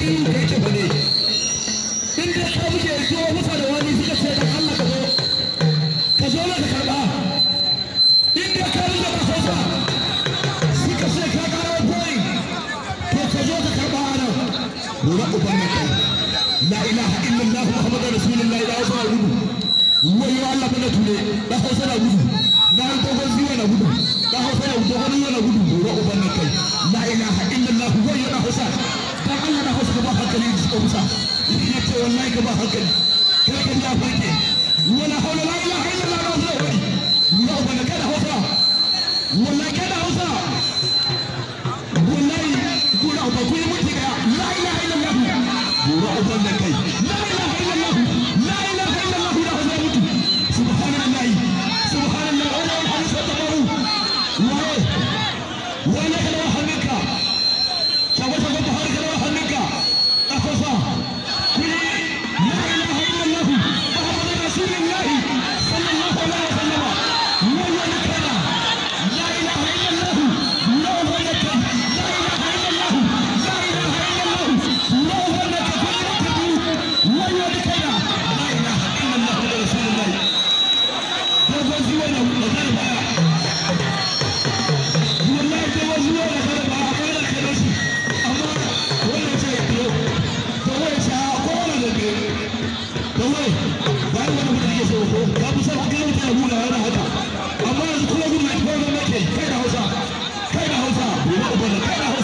matsayin da yake bane in dai musa da wani suka ce da Allah ka zo ka zo ka karba in dai ka ba sosa suka ce ka karo boy to ka zo ka karba ana gobe uban na la ilaha illallah muhammadur rasulullahi da hausa gudu wayo Allah fa na da hausa na gudu na dogon ziwa na gudu da hausa na gudu, ziwa gudu gobe uban na kai la ilaha illallah wayo na hausa ofisa na ce wallahi ka ba hankali kai kan ta farke wala haula la ilaha illallah wa la ilaha illallah ba ga kada hausa wallahi kada hausa wallahi gura ba ku mutu ga la ilaha illallah gura ba da kai la ilaha kai da hausa kai da hausa